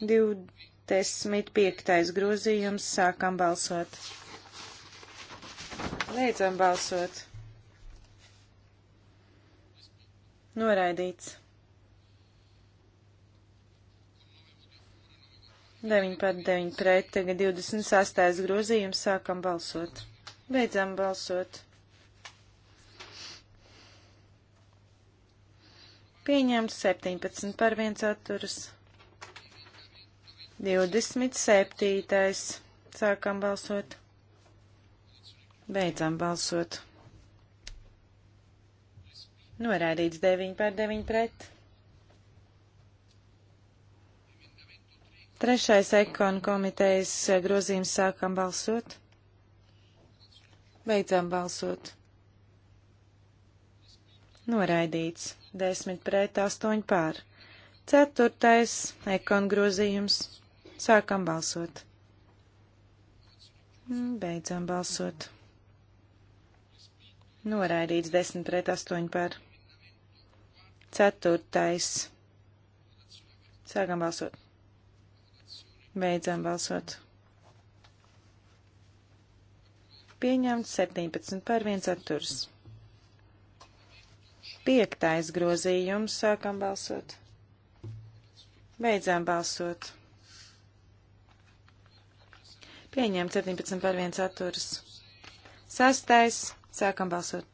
25. grozījums. Sākam balsot. Beidzam balsot. Noraidīts. 9 par 9 pret, tagad 28. grozījums, sākam balsot. Beidzam balsot. Pieņemts 17 par 1 atturas. 27. Sākam balsot. Beidzam balsot. Norādīts 9 pār 9 pret. Trešais ekonu komitejas grozījums sākam balsot. Beidzam balsot. Noraidīts 10 pret 8 pār. Ceturtais ekonu grozījums Sākam balsot. Mm, beidzam balsot. Noraidīts 10 pret 8 par. Ceturtais. Sākam balsot. Beidzam balsot. Pieņemts 17 par 1 atturs. Piektais grozījums. Sākam balsot. Beidzām balsot. Pieņemt 17 par 1 atturas. Sastais. Sākam balsot.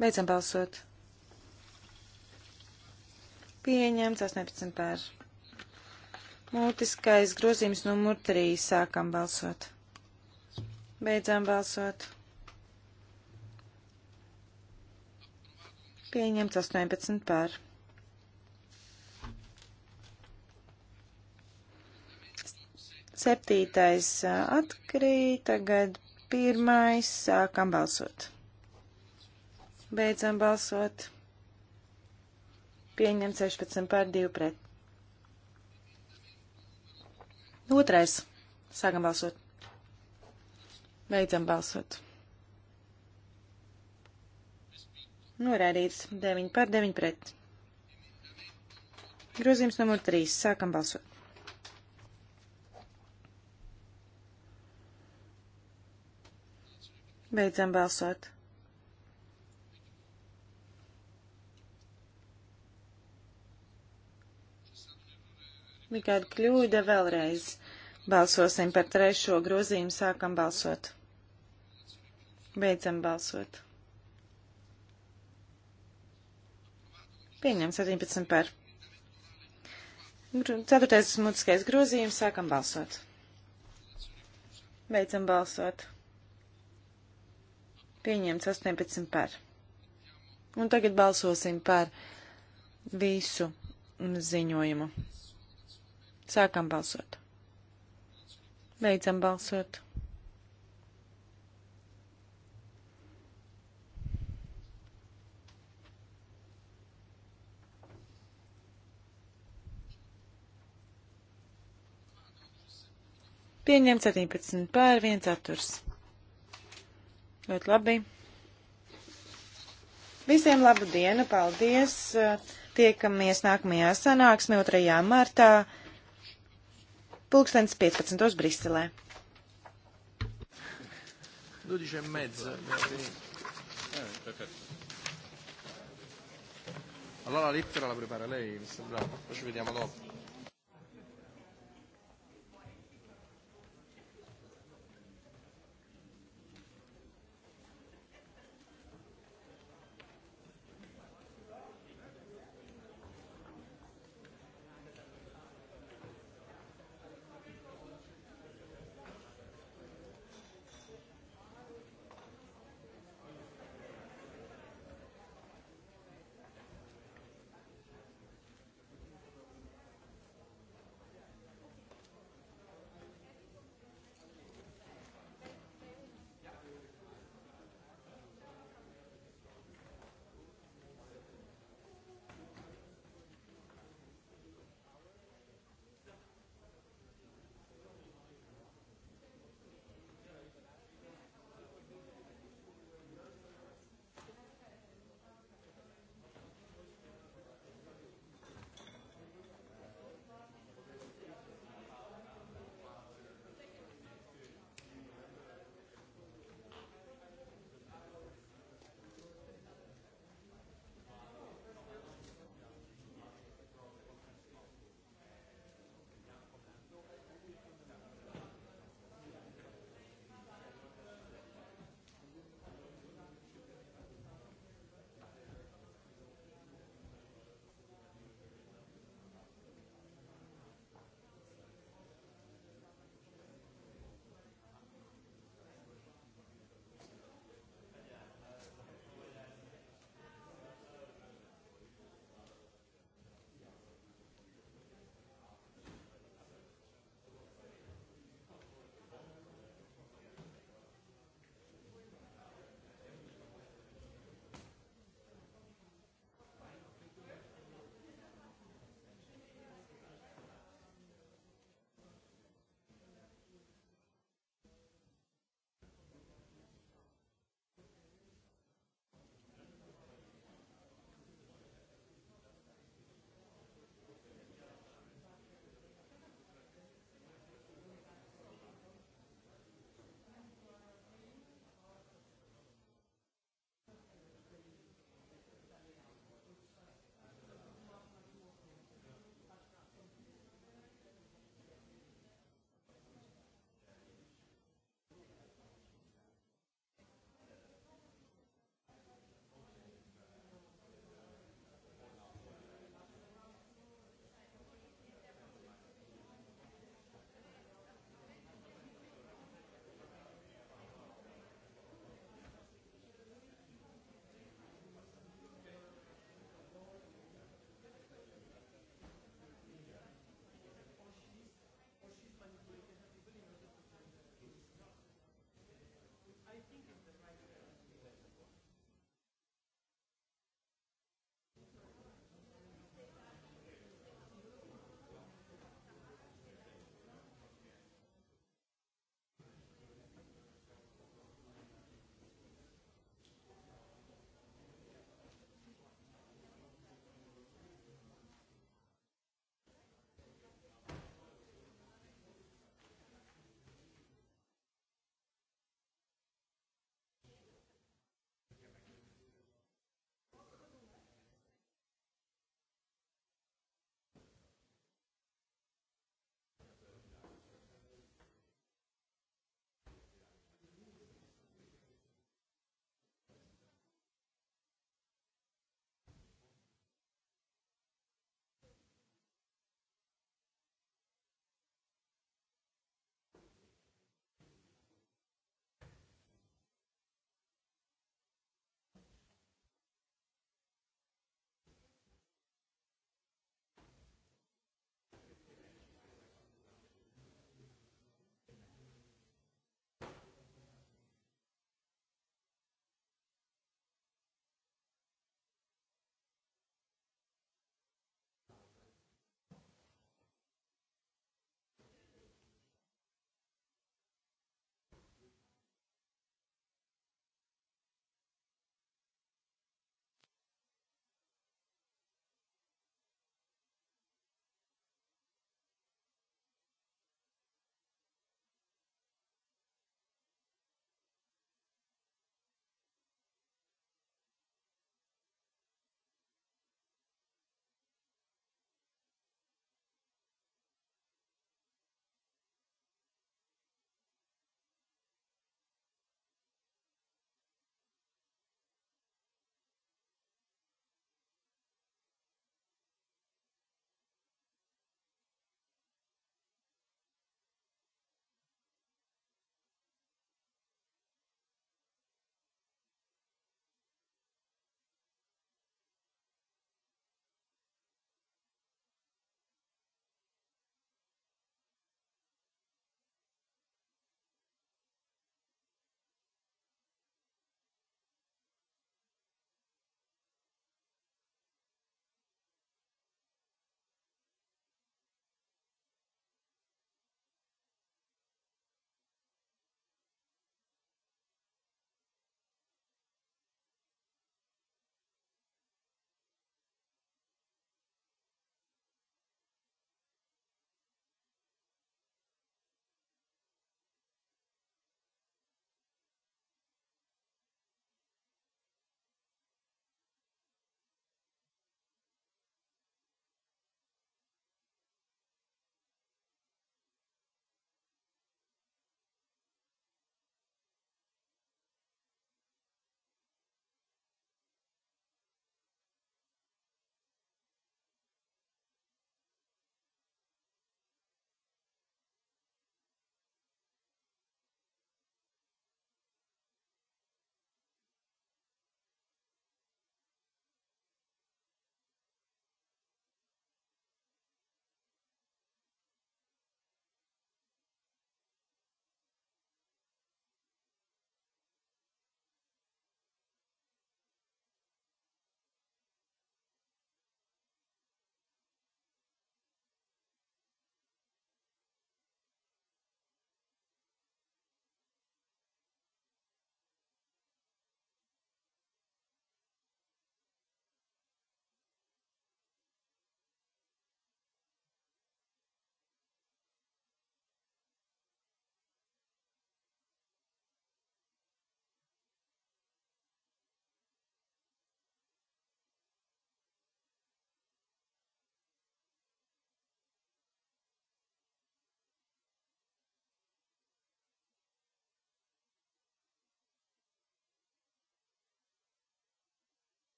Beidzam balsot. Pieņemts 18 par. Mūtiskais grozījums numur 3. Sākam balsot. Beidzam balsot. Pieņemts 18 par. Septītais atkrīt, tagad pirmais sākam balsot. Beidzam balsot. Pieņem 16 pār 2 pret. Otrais. Sākam balsot. Beidzam balsot. Norādīts 9 pār 9 pret. Grozījums numur 3. Sākam balsot. Beidzam balsot. Bija kāda kļūda vēlreiz. Balsosim par trešo grozījumu, sākam balsot. Beidzam balsot. Pieņem 17 par. Ceturtais mutiskais grozījums, sākam balsot. Beidzam balsot. Pieņemts 18 par. Un tagad balsosim par visu ziņojumu. Sākam balsot. Beidzam balsot. Pieņemt 17 pār 1 atturs. Ļoti labi. Visiem labu dienu, paldies. Tiekamies nākamajā sanāksmē 2. martā, pulkstens 15. Briselē. 12 e mezza. Eh, allora la lettera la prepara lei, mi sembra. Poi ci vediamo dopo.